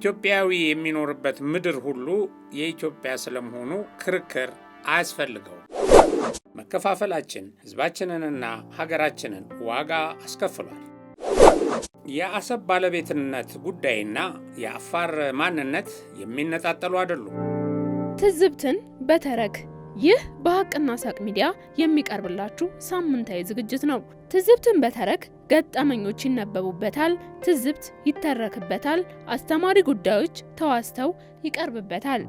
ኢትዮጵያዊ የሚኖርበት ምድር ሁሉ የኢትዮጵያ ስለመሆኑ ክርክር አያስፈልገውም። መከፋፈላችን ህዝባችንንና ሀገራችንን ዋጋ አስከፍሏል። የአሰብ ባለቤትነት ጉዳይና የአፋር ማንነት የሚነጣጠሉ አይደሉም። ትዝብትን በተረክ ይህ በሀቅና ሳቅ ሚዲያ የሚቀርብላችሁ ሳምንታዊ ዝግጅት ነው። ትዝብትን በተረክ ገጠመኞች ይነበቡበታል፣ ትዝብት ይተረክበታል፣ አስተማሪ ጉዳዮች ተዋስተው ይቀርብበታል።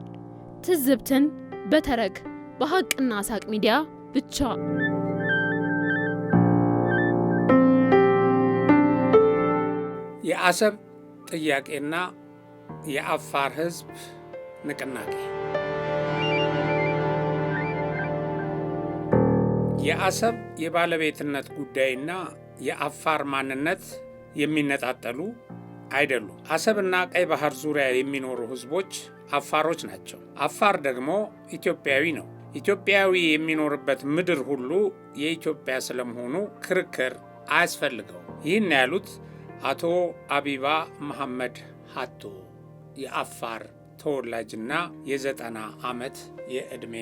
ትዝብትን በተረክ በሀቅና ሳቅ ሚዲያ ብቻ። የአሰብ ጥያቄና የአፋር ህዝብ ንቅናቄ የአሰብ የባለቤትነት ጉዳይና የአፋር ማንነት የሚነጣጠሉ አይደሉም። አሰብና ቀይ ባህር ዙሪያ የሚኖሩ ህዝቦች አፋሮች ናቸው። አፋር ደግሞ ኢትዮጵያዊ ነው። ኢትዮጵያዊ የሚኖርበት ምድር ሁሉ የኢትዮጵያ ስለመሆኑ ክርክር አያስፈልገው። ይህን ያሉት አቶ አቢባ መሐመድ ሀቶ የአፋር ተወላጅና የዘጠና ዓመት የዕድሜ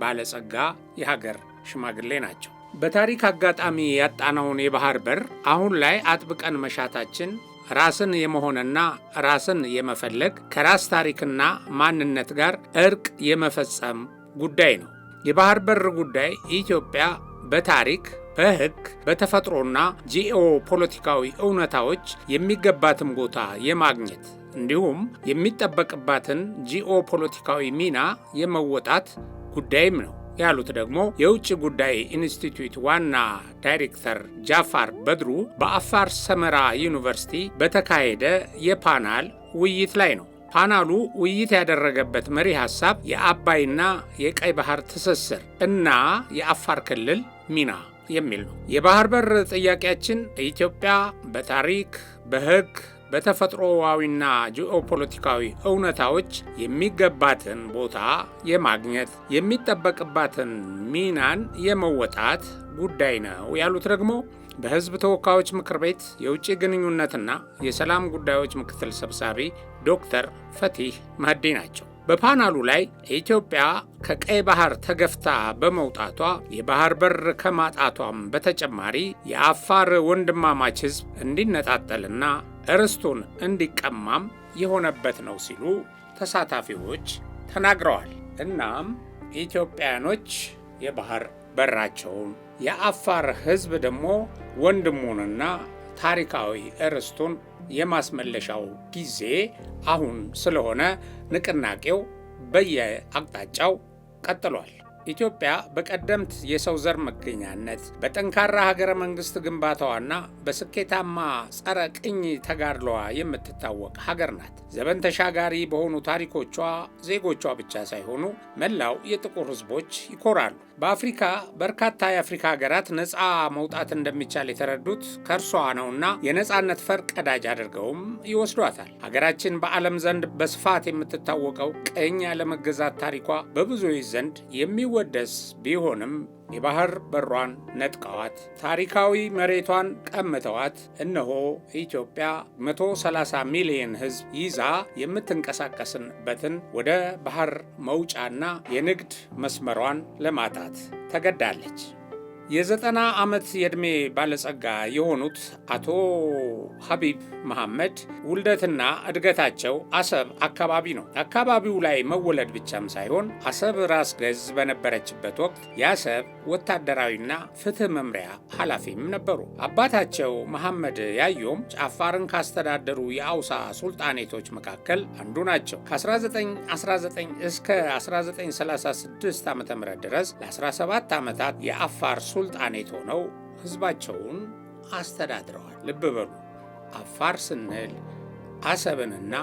ባለጸጋ የሀገር ሽማግሌ ናቸው። በታሪክ አጋጣሚ ያጣነውን የባህር በር አሁን ላይ አጥብቀን መሻታችን ራስን የመሆንና ራስን የመፈለግ ከራስ ታሪክና ማንነት ጋር እርቅ የመፈጸም ጉዳይ ነው። የባህር በር ጉዳይ ኢትዮጵያ በታሪክ በሕግ በተፈጥሮና ጂኦ ፖለቲካዊ እውነታዎች የሚገባትን ቦታ የማግኘት እንዲሁም የሚጠበቅባትን ጂኦ ፖለቲካዊ ሚና የመወጣት ጉዳይም ነው። ያሉት ደግሞ የውጭ ጉዳይ ኢንስቲትዩት ዋና ዳይሬክተር ጃፋር በድሩ በአፋር ሰመራ ዩኒቨርሲቲ በተካሄደ የፓናል ውይይት ላይ ነው። ፓናሉ ውይይት ያደረገበት መሪ ሐሳብ የአባይና የቀይ ባህር ትስስር እና የአፋር ክልል ሚና የሚል ነው። የባህር በር ጥያቄያችን ኢትዮጵያ በታሪክ በሕግ በተፈጥሮዋዊና ጂኦፖለቲካዊ እውነታዎች የሚገባትን ቦታ የማግኘት የሚጠበቅባትን ሚናን የመወጣት ጉዳይ ነው ያሉት ደግሞ በሕዝብ ተወካዮች ምክር ቤት የውጭ ግንኙነትና የሰላም ጉዳዮች ምክትል ሰብሳቢ ዶክተር ፈቲህ መህዲ ናቸው። በፓናሉ ላይ ኢትዮጵያ ከቀይ ባህር ተገፍታ በመውጣቷ የባህር በር ከማጣቷም በተጨማሪ የአፋር ወንድማማች ሕዝብ እንዲነጣጠልና እርስቱን እንዲቀማም የሆነበት ነው ሲሉ ተሳታፊዎች ተናግረዋል። እናም ኢትዮጵያኖች የባህር በራቸውን የአፋር ሕዝብ ደግሞ ወንድሙንና ታሪካዊ እርስቱን የማስመለሻው ጊዜ አሁን ስለሆነ ንቅናቄው በየአቅጣጫው ቀጥሏል። ኢትዮጵያ በቀደምት የሰው ዘር መገኛነት በጠንካራ ሀገረ መንግስት ግንባታዋና በስኬታማ ጸረ ቅኝ ተጋድሏዋ የምትታወቅ ሀገር ናት። ዘመን ተሻጋሪ በሆኑ ታሪኮቿ ዜጎቿ ብቻ ሳይሆኑ መላው የጥቁር ሕዝቦች ይኮራሉ። በአፍሪካ በርካታ የአፍሪካ ሀገራት ነፃ መውጣት እንደሚቻል የተረዱት ከእርሷ ነውና የነፃነት ፈር ቀዳጅ አድርገውም ይወስዷታል። ሀገራችን በዓለም ዘንድ በስፋት የምትታወቀው ቀኝ ያለመገዛት ታሪኳ በብዙዎች ዘንድ የሚው የሚወደስ ቢሆንም የባህር በሯን ነጥቀዋት ታሪካዊ መሬቷን ቀምተዋት እነሆ ኢትዮጵያ 130 ሚሊዮን ሕዝብ ይዛ የምትንቀሳቀስበትን ወደ ባህር መውጫና የንግድ መስመሯን ለማጣት ተገዳለች። የዘጠና ዓመት የዕድሜ ባለጸጋ የሆኑት አቶ ሀቢብ መሐመድ ውልደትና እድገታቸው አሰብ አካባቢ ነው። አካባቢው ላይ መወለድ ብቻም ሳይሆን አሰብ ራስ ገዝ በነበረችበት ወቅት የአሰብ ወታደራዊና ፍትህ መምሪያ ኃላፊም ነበሩ። አባታቸው መሐመድ ያየውም አፋርን ካስተዳደሩ የአውሳ ሱልጣኔቶች መካከል አንዱ ናቸው። ከ1919 እስከ 1936 ዓ ም ድረስ ለ17 ዓመታት የአፋር ሱ ሱልጣኔት ሆነው ህዝባቸውን አስተዳድረዋል። ልብ በሉ፣ አፋር ስንል አሰብንና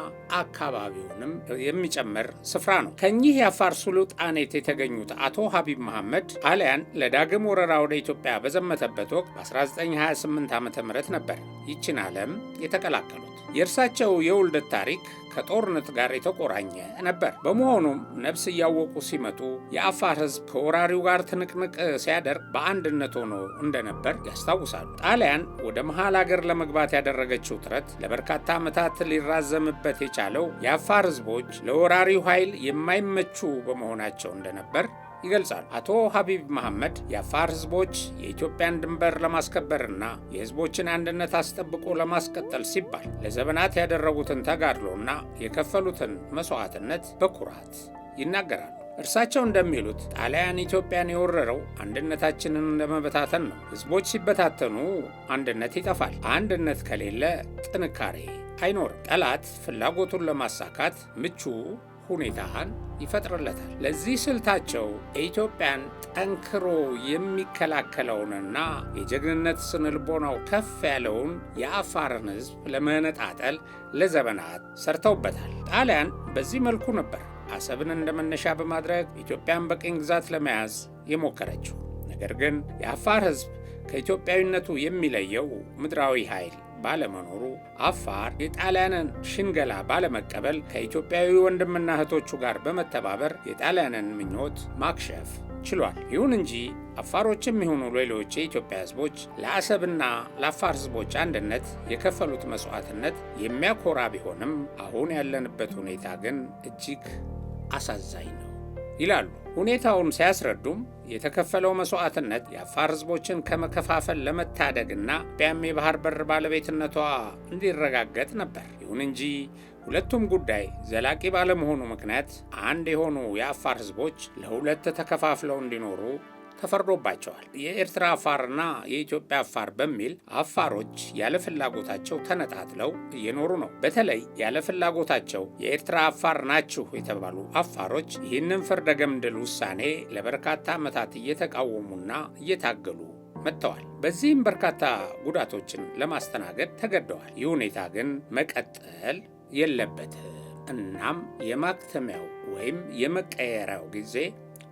አካባቢውንም የሚጨምር ስፍራ ነው። ከኚህ የአፋር ሱልጣኔት የተገኙት አቶ ሀቢብ መሐመድ ጣሊያን ለዳግም ወረራ ወደ ኢትዮጵያ በዘመተበት ወቅት በ1928 ዓ ም ነበር ይችን ዓለም የተቀላቀሉት። የእርሳቸው የውልደት ታሪክ ከጦርነት ጋር የተቆራኘ ነበር። በመሆኑም ነፍስ እያወቁ ሲመጡ የአፋር ሕዝብ ከወራሪው ጋር ትንቅንቅ ሲያደርግ በአንድነት ሆኖ እንደነበር ያስታውሳሉ። ጣሊያን ወደ መሃል አገር ለመግባት ያደረገችው ጥረት ለበርካታ ዓመታት ሊራዘምበት የቻ ያልቻለው የአፋር ህዝቦች ለወራሪው ኃይል የማይመቹ በመሆናቸው እንደነበር ይገልጻሉ። አቶ ሀቢብ መሐመድ የአፋር ህዝቦች የኢትዮጵያን ድንበር ለማስከበርና የህዝቦችን አንድነት አስጠብቆ ለማስቀጠል ሲባል ለዘመናት ያደረጉትን ተጋድሎና የከፈሉትን መሥዋዕትነት በኩራት ይናገራሉ። እርሳቸው እንደሚሉት ጣሊያን ኢትዮጵያን የወረረው አንድነታችንን ለመበታተን ነው። ህዝቦች ሲበታተኑ አንድነት ይጠፋል። አንድነት ከሌለ ጥንካሬ አይኖርም። ጠላት ፍላጎቱን ለማሳካት ምቹ ሁኔታን ይፈጥርለታል። ለዚህ ስልታቸው የኢትዮጵያን ጠንክሮ የሚከላከለውንና የጀግንነት ስነልቦናው ከፍ ያለውን የአፋርን ህዝብ ለመነጣጠል ለዘመናት ሰርተውበታል። ጣሊያን በዚህ መልኩ ነበር አሰብን እንደ መነሻ በማድረግ ኢትዮጵያን በቅኝ ግዛት ለመያዝ የሞከረችው። ነገር ግን የአፋር ሕዝብ ከኢትዮጵያዊነቱ የሚለየው ምድራዊ ኃይል ባለመኖሩ አፋር የጣሊያንን ሽንገላ ባለመቀበል ከኢትዮጵያዊ ወንድምና እህቶቹ ጋር በመተባበር የጣሊያንን ምኞት ማክሸፍ ችሏል። ይሁን እንጂ አፋሮችም የሆኑ ሌሎች የኢትዮጵያ ህዝቦች ለአሰብና ለአፋር ህዝቦች አንድነት የከፈሉት መስዋዕትነት የሚያኮራ ቢሆንም አሁን ያለንበት ሁኔታ ግን እጅግ አሳዛኝ ነው ይላሉ። ሁኔታውን ሲያስረዱም የተከፈለው መስዋዕትነት የአፋር ሕዝቦችን ከመከፋፈል ለመታደግና ኢትዮጵያም የባህር በር ባለቤትነቷ እንዲረጋገጥ ነበር። ይሁን እንጂ ሁለቱም ጉዳይ ዘላቂ ባለመሆኑ ምክንያት አንድ የሆኑ የአፋር ሕዝቦች ለሁለት ተከፋፍለው እንዲኖሩ ተፈርዶባቸዋል። የኤርትራ አፋርና የኢትዮጵያ አፋር በሚል አፋሮች ያለ ፍላጎታቸው ተነጣጥለው እየኖሩ ነው። በተለይ ያለ ፍላጎታቸው የኤርትራ አፋር ናችሁ የተባሉ አፋሮች ይህንን ፍርደ ገምድል ውሳኔ ለበርካታ ዓመታት እየተቃወሙና እየታገሉ መጥተዋል። በዚህም በርካታ ጉዳቶችን ለማስተናገድ ተገደዋል። ይህ ሁኔታ ግን መቀጠል የለበትም። እናም የማክተሚያው ወይም የመቀየሪያው ጊዜ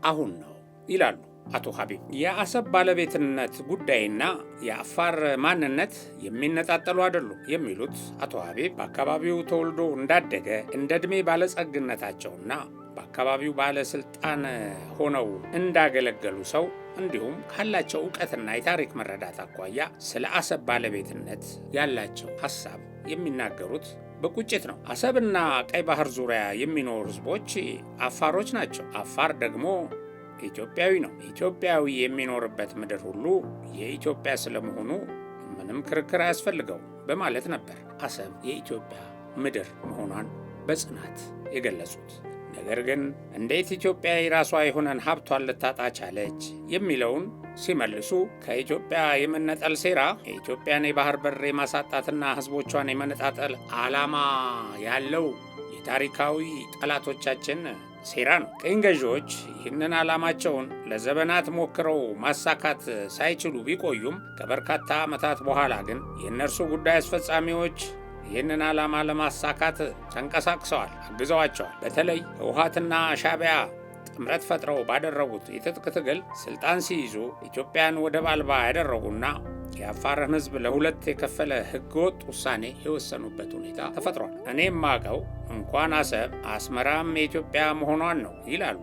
አሁን ነው ይላሉ አቶ ሀቢብ የአሰብ ባለቤትነት ጉዳይና የአፋር ማንነት የሚነጣጠሉ አይደሉም የሚሉት አቶ ሀቢብ በአካባቢው ተወልዶ እንዳደገ እንደ ዕድሜ ባለጸግነታቸውና በአካባቢው ባለስልጣን ሆነው እንዳገለገሉ ሰው እንዲሁም ካላቸው እውቀትና የታሪክ መረዳት አኳያ ስለ አሰብ ባለቤትነት ያላቸው ሀሳብ የሚናገሩት በቁጭት ነው። አሰብና ቀይ ባህር ዙሪያ የሚኖሩ ህዝቦች አፋሮች ናቸው። አፋር ደግሞ ኢትዮጵያዊ ነው። ኢትዮጵያዊ የሚኖርበት ምድር ሁሉ የኢትዮጵያ ስለመሆኑ ምንም ክርክር አያስፈልገው በማለት ነበር አሰብ የኢትዮጵያ ምድር መሆኗን በጽናት የገለጹት። ነገር ግን እንዴት ኢትዮጵያ የራሷ የሆነን ሀብቷን ልታጣ ቻለች የሚለውን ሲመልሱ ከኢትዮጵያ የመነጠል ሴራ የኢትዮጵያን የባህር በር የማሳጣትና ሕዝቦቿን የመነጣጠል ዓላማ ያለው የታሪካዊ ጠላቶቻችን ሴራ ነው። ቅኝ ገዢዎች ይህንን ዓላማቸውን ለዘመናት ሞክረው ማሳካት ሳይችሉ ቢቆዩም ከበርካታ ዓመታት በኋላ ግን የእነርሱ ጉዳይ አስፈጻሚዎች ይህንን ዓላማ ለማሳካት ተንቀሳቅሰዋል፣ አግዘዋቸዋል። በተለይ ውሃትና ሻቢያ ጥምረት ፈጥረው ባደረጉት የትጥቅ ትግል ስልጣን ሲይዙ ኢትዮጵያን ወደብ አልባ ያደረጉና የአፋርን ህዝብ ለሁለት የከፈለ ህገወጥ ውሳኔ የወሰኑበት ሁኔታ ተፈጥሯል። እኔም ማቀው እንኳን አሰብ አስመራም የኢትዮጵያ መሆኗን ነው ይላሉ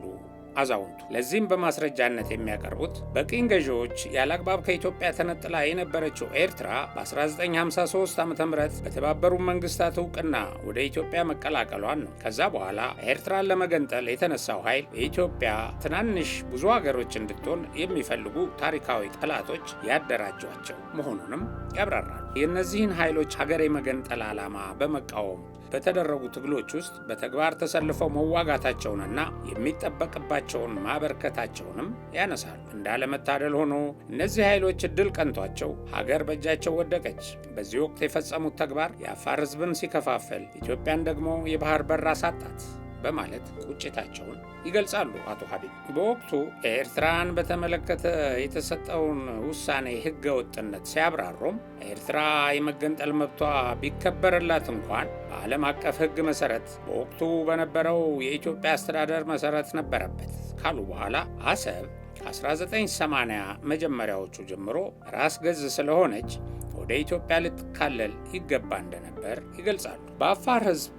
አዛውንቱ። ለዚህም በማስረጃነት የሚያቀርቡት በቅኝ ገዢዎች ያለአግባብ ከኢትዮጵያ ተነጥላ የነበረችው ኤርትራ በ1953 ዓ ም በተባበሩት መንግስታት እውቅና ወደ ኢትዮጵያ መቀላቀሏን ነው። ከዛ በኋላ ኤርትራን ለመገንጠል የተነሳው ኃይል የኢትዮጵያ ትናንሽ ብዙ ሀገሮች እንድትሆን የሚፈልጉ ታሪካዊ ጠላቶች ያደራጇቸው መሆኑንም ያብራራል። የእነዚህን ኃይሎች ሀገር የመገንጠል ዓላማ በመቃወም በተደረጉ ትግሎች ውስጥ በተግባር ተሰልፈው መዋጋታቸውንና የሚጠበቅባቸውን ማበርከታቸውንም ያነሳሉ። እንዳለመታደል ሆኖ እነዚህ ኃይሎች እድል ቀንቷቸው ሀገር በእጃቸው ወደቀች። በዚህ ወቅት የፈጸሙት ተግባር የአፋር ሕዝብን ሲከፋፈል፣ ኢትዮጵያን ደግሞ የባህር በር አሳጣት። በማለት ቁጭታቸውን ይገልጻሉ። አቶ ሀዲድ በወቅቱ ኤርትራን በተመለከተ የተሰጠውን ውሳኔ ወጥነት ሲያብራሩም ኤርትራ የመገንጠል መብቷ ቢከበርላት እንኳን በዓለም አቀፍ ህግ መሰረት በወቅቱ በነበረው የኢትዮጵያ አስተዳደር መሰረት ነበረበት ካሉ በኋላ አሰብ 1980 መጀመሪያዎቹ ጀምሮ ራስ ገዝ ስለሆነች ወደ ኢትዮጵያ ልትካለል ይገባ እንደነበር ይገልጻሉ። በአፋር ህዝብ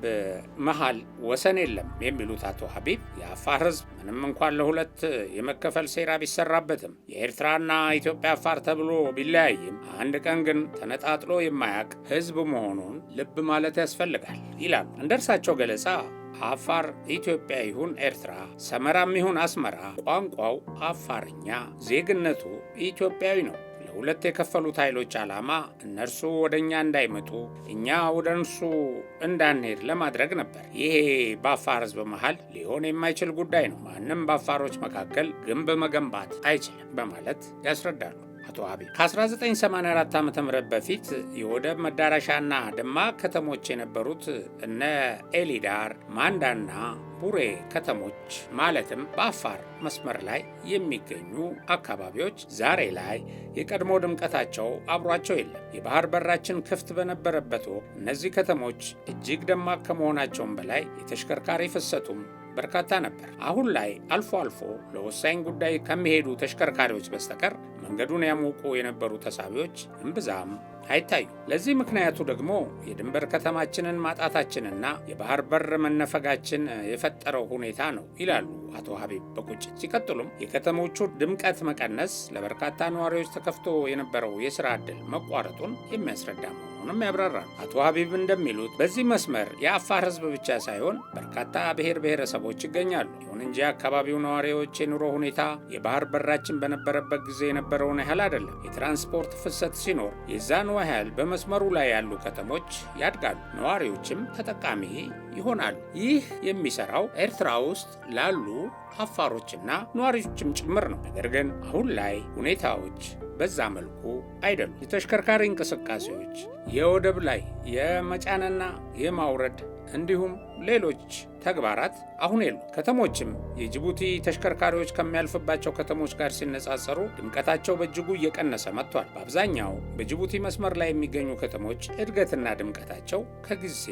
መሃል ወሰን የለም የሚሉት አቶ ሀቢብ የአፋር ህዝብ ምንም እንኳን ለሁለት የመከፈል ሴራ ቢሰራበትም የኤርትራና ኢትዮጵያ አፋር ተብሎ ቢለያይም አንድ ቀን ግን ተነጣጥሎ የማያውቅ ህዝብ መሆኑን ልብ ማለት ያስፈልጋል ይላሉ። እንደ እርሳቸው ገለጻ አፋር ኢትዮጵያ ይሁን ኤርትራ፣ ሰመራም ይሁን አስመራ ቋንቋው አፋርኛ፣ ዜግነቱ ኢትዮጵያዊ ነው። ለሁለት የከፈሉት ኃይሎች ዓላማ እነርሱ ወደ እኛ እንዳይመጡ እኛ ወደ እነርሱ እንዳንሄድ ለማድረግ ነበር። ይሄ በአፋር ህዝብ መሃል ሊሆን የማይችል ጉዳይ ነው። ማንም በአፋሮች መካከል ግንብ መገንባት አይችልም በማለት ያስረዳሉ። አቶ አቤ ከ1984 ዓ ም በፊት የወደብ መዳረሻና ደማቅ ከተሞች የነበሩት እነ ኤሊዳር፣ ማንዳና ቡሬ ከተሞች ማለትም በአፋር መስመር ላይ የሚገኙ አካባቢዎች ዛሬ ላይ የቀድሞ ድምቀታቸው አብሯቸው የለም። የባህር በራችን ክፍት በነበረበት ወቅት እነዚህ ከተሞች እጅግ ደማቅ ከመሆናቸውም በላይ የተሽከርካሪ ፍሰቱም በርካታ ነበር። አሁን ላይ አልፎ አልፎ ለወሳኝ ጉዳይ ከሚሄዱ ተሽከርካሪዎች በስተቀር መንገዱን ያሞቁ የነበሩ ተሳቢዎች እምብዛም አይታዩ። ለዚህ ምክንያቱ ደግሞ የድንበር ከተማችንን ማጣታችንና የባህር በር መነፈጋችን የፈጠረው ሁኔታ ነው ይላሉ አቶ ሀቢብ በቁጭት ሲቀጥሉም የከተሞቹ ድምቀት መቀነስ ለበርካታ ነዋሪዎች ተከፍቶ የነበረው የሥራ ዕድል መቋረጡን የሚያስረዳ ነው። መሆኑንም ያብራራል። አቶ ሀቢብ እንደሚሉት በዚህ መስመር የአፋር ህዝብ ብቻ ሳይሆን በርካታ ብሔር ብሔረሰቦች ይገኛሉ። ይሁን እንጂ አካባቢው ነዋሪዎች የኑሮ ሁኔታ የባህር በራችን በነበረበት ጊዜ የነበረውን ያህል አይደለም። የትራንስፖርት ፍሰት ሲኖር የዛኑ ያህል በመስመሩ ላይ ያሉ ከተሞች ያድጋሉ፣ ነዋሪዎችም ተጠቃሚ ይሆናሉ። ይህ የሚሰራው ኤርትራ ውስጥ ላሉ አፋሮችና ነዋሪዎችም ጭምር ነው። ነገር ግን አሁን ላይ ሁኔታዎች በዛ መልኩ አይደሉም። የተሽከርካሪ እንቅስቃሴዎች የወደብ ላይ የመጫንና የማውረድ እንዲሁም ሌሎች ተግባራት አሁን የሉ። ከተሞችም የጅቡቲ ተሽከርካሪዎች ከሚያልፍባቸው ከተሞች ጋር ሲነጻጸሩ ድምቀታቸው በእጅጉ እየቀነሰ መጥቷል። በአብዛኛው በጅቡቲ መስመር ላይ የሚገኙ ከተሞች እድገትና ድምቀታቸው ከጊዜ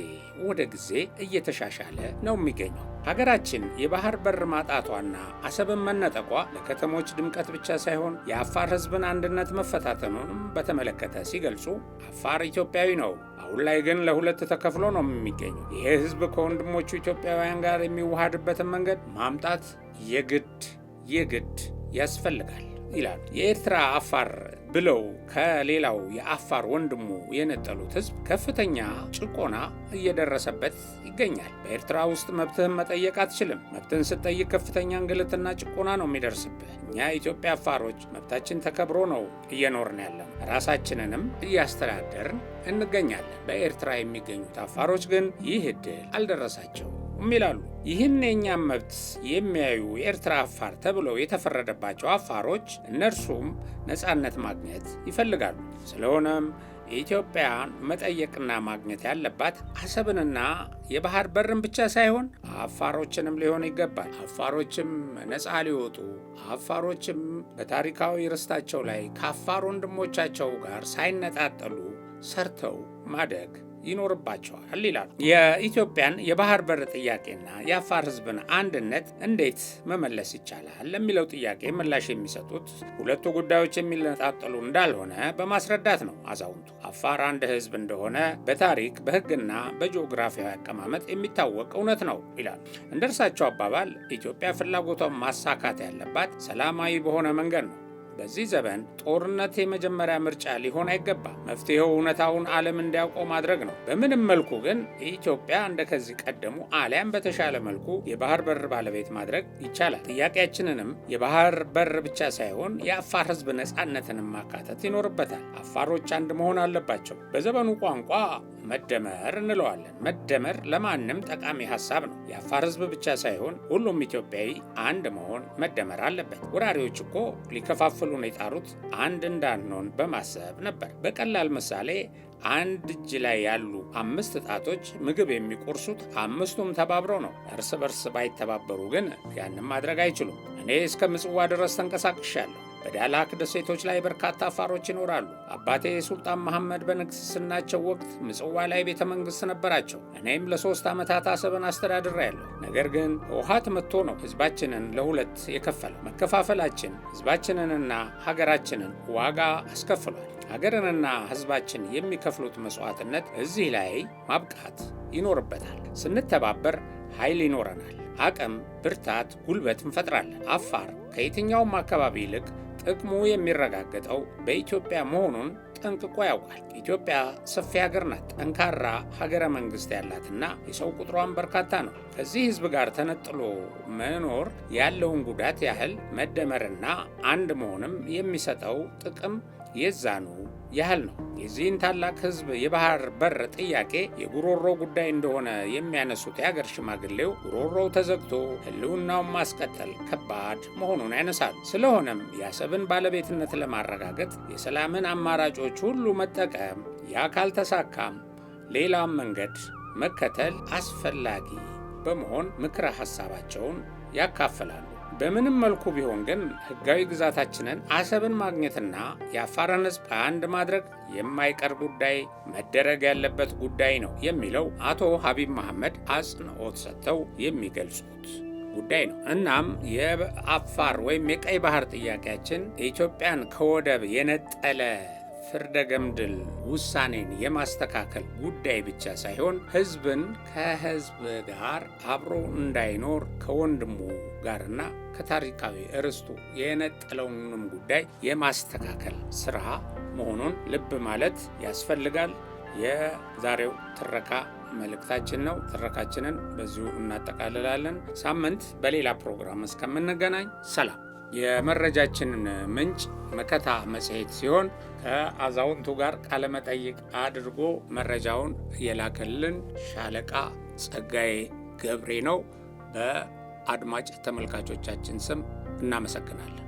ወደ ጊዜ እየተሻሻለ ነው የሚገኘው። ሀገራችን የባህር በር ማጣቷና አሰብን መነጠቋ ለከተሞች ድምቀት ብቻ ሳይሆን የአፋር ሕዝብን አንድነት መፈታተኑንም በተመለከተ ሲገልጹ አፋር ኢትዮጵያዊ ነው አሁን ላይ ግን ለሁለት ተከፍሎ ነው የሚገኘው። ይሄ ህዝብ ከወንድሞቹ ኢትዮጵያውያን ጋር የሚዋሃድበትን መንገድ ማምጣት የግድ የግድ ያስፈልጋል ይላሉ። የኤርትራ አፋር ብለው ከሌላው የአፋር ወንድሙ የነጠሉት ህዝብ ከፍተኛ ጭቆና እየደረሰበት ይገኛል። በኤርትራ ውስጥ መብትህን መጠየቅ አትችልም። መብትህን ስትጠይቅ ከፍተኛ እንግልትና ጭቆና ነው የሚደርስብህ። እኛ ኢትዮጵያ አፋሮች መብታችን ተከብሮ ነው እየኖርን ያለን፣ ራሳችንንም እያስተዳደርን እንገኛለን። በኤርትራ የሚገኙት አፋሮች ግን ይህ ዕድል አልደረሳቸውም። አይችሉም ይላሉ። ይህን የእኛም መብት የሚያዩ የኤርትራ አፋር ተብለው የተፈረደባቸው አፋሮች እነርሱም ነፃነት ማግኘት ይፈልጋሉ። ስለሆነም ኢትዮጵያን መጠየቅና ማግኘት ያለባት አሰብንና የባህር በርን ብቻ ሳይሆን አፋሮችንም ሊሆን ይገባል። አፋሮችም ነፃ ሊወጡ አፋሮችም በታሪካዊ ርስታቸው ላይ ከአፋር ወንድሞቻቸው ጋር ሳይነጣጠሉ ሰርተው ማደግ ይኖርባቸዋል ይላሉ። የኢትዮጵያን የባህር በር ጥያቄና የአፋር ህዝብን አንድነት እንዴት መመለስ ይቻላል ለሚለው ጥያቄ ምላሽ የሚሰጡት ሁለቱ ጉዳዮች የሚነጣጠሉ እንዳልሆነ በማስረዳት ነው አዛውንቱ። አፋር አንድ ህዝብ እንደሆነ በታሪክ በህግና በጂኦግራፊያዊ አቀማመጥ የሚታወቅ እውነት ነው ይላሉ። እንደ እርሳቸው አባባል ኢትዮጵያ ፍላጎቷን ማሳካት ያለባት ሰላማዊ በሆነ መንገድ ነው። በዚህ ዘመን ጦርነት የመጀመሪያ ምርጫ ሊሆን አይገባም። መፍትሄው እውነታውን ዓለም እንዲያውቀው ማድረግ ነው። በምንም መልኩ ግን ኢትዮጵያ እንደከዚህ ቀደሙ አሊያም በተሻለ መልኩ የባህር በር ባለቤት ማድረግ ይቻላል። ጥያቄያችንንም የባህር በር ብቻ ሳይሆን የአፋር ሕዝብ ነፃነትንም ማካተት ይኖርበታል። አፋሮች አንድ መሆን አለባቸው። በዘመኑ ቋንቋ መደመር እንለዋለን። መደመር ለማንም ጠቃሚ ሀሳብ ነው። የአፋር ህዝብ ብቻ ሳይሆን ሁሉም ኢትዮጵያዊ አንድ መሆን መደመር አለበት። ወራሪዎች እኮ ሊከፋፍ ክፍሉን የጣሩት አንድ እንዳንሆን በማሰብ ነበር። በቀላል ምሳሌ አንድ እጅ ላይ ያሉ አምስት ጣቶች ምግብ የሚቆርሱት አምስቱም ተባብረው ነው። እርስ በርስ ባይተባበሩ ግን ያንም ማድረግ አይችሉም። እኔ እስከ ምጽዋ ድረስ ተንቀሳቅሻለሁ በዳላክ ደሴቶች ላይ በርካታ አፋሮች ይኖራሉ። አባቴ ሱልጣን መሐመድ በንግሥናቸው ወቅት ምጽዋ ላይ ቤተ መንግሥት ነበራቸው። እኔም ለሦስት ዓመታት አሰብን አስተዳድሬያለሁ። ነገር ግን ውሃት መጥቶ ነው ሕዝባችንን ለሁለት የከፈለ። መከፋፈላችን ሕዝባችንንና ሀገራችንን ዋጋ አስከፍሏል። ሀገርንና ሕዝባችን የሚከፍሉት መሥዋዕትነት እዚህ ላይ ማብቃት ይኖርበታል። ስንተባበር ኃይል ይኖረናል። አቅም፣ ብርታት፣ ጉልበት እንፈጥራለን። አፋር ከየትኛውም አካባቢ ይልቅ ጥቅሙ የሚረጋገጠው በኢትዮጵያ መሆኑን ጠንቅቆ ያውቃል። ኢትዮጵያ ሰፊ ሀገር ናት። ጠንካራ ሀገረ መንግስት ያላትና የሰው ቁጥሯን በርካታ ነው። ከዚህ ህዝብ ጋር ተነጥሎ መኖር ያለውን ጉዳት ያህል መደመርና አንድ መሆንም የሚሰጠው ጥቅም የዛኑ ያህል ነው። የዚህን ታላቅ ሕዝብ የባህር በር ጥያቄ የጉሮሮ ጉዳይ እንደሆነ የሚያነሱት የአገር ሽማግሌው ጉሮሮው ተዘግቶ ህልውናውን ማስቀጠል ከባድ መሆኑን አይነሳል ስለሆነም የአሰብን ባለቤትነት ለማረጋገጥ የሰላምን አማራጮች ሁሉ መጠቀም፣ ያ ካልተሳካም ሌላም መንገድ መከተል አስፈላጊ በመሆን ምክረ ሐሳባቸውን ያካፍላሉ። በምንም መልኩ ቢሆን ግን ህጋዊ ግዛታችንን አሰብን ማግኘትና የአፋርን ህዝብ አንድ ማድረግ የማይቀር ጉዳይ፣ መደረግ ያለበት ጉዳይ ነው የሚለው አቶ ሀቢብ መሐመድ አጽንኦት ሰጥተው የሚገልጹት ጉዳይ ነው። እናም የአፋር ወይም የቀይ ባህር ጥያቄያችን ኢትዮጵያን ከወደብ የነጠለ ፍርደ ገምድል ውሳኔን የማስተካከል ጉዳይ ብቻ ሳይሆን ህዝብን ከህዝብ ጋር አብሮ እንዳይኖር ከወንድሙ ጋርና ከታሪካዊ እርስቱ የነጠለውንም ጉዳይ የማስተካከል ስራ መሆኑን ልብ ማለት ያስፈልጋል። የዛሬው ትረካ መልእክታችን ነው። ትረካችንን በዚሁ እናጠቃልላለን። ሳምንት በሌላ ፕሮግራም እስከምንገናኝ ሰላም። የመረጃችን ምንጭ መከታ መጽሔት ሲሆን ከአዛውንቱ ጋር ቃለመጠይቅ አድርጎ መረጃውን የላከልን ሻለቃ ጸጋዬ ገብሬ ነው። በአድማጭ ተመልካቾቻችን ስም እናመሰግናለን።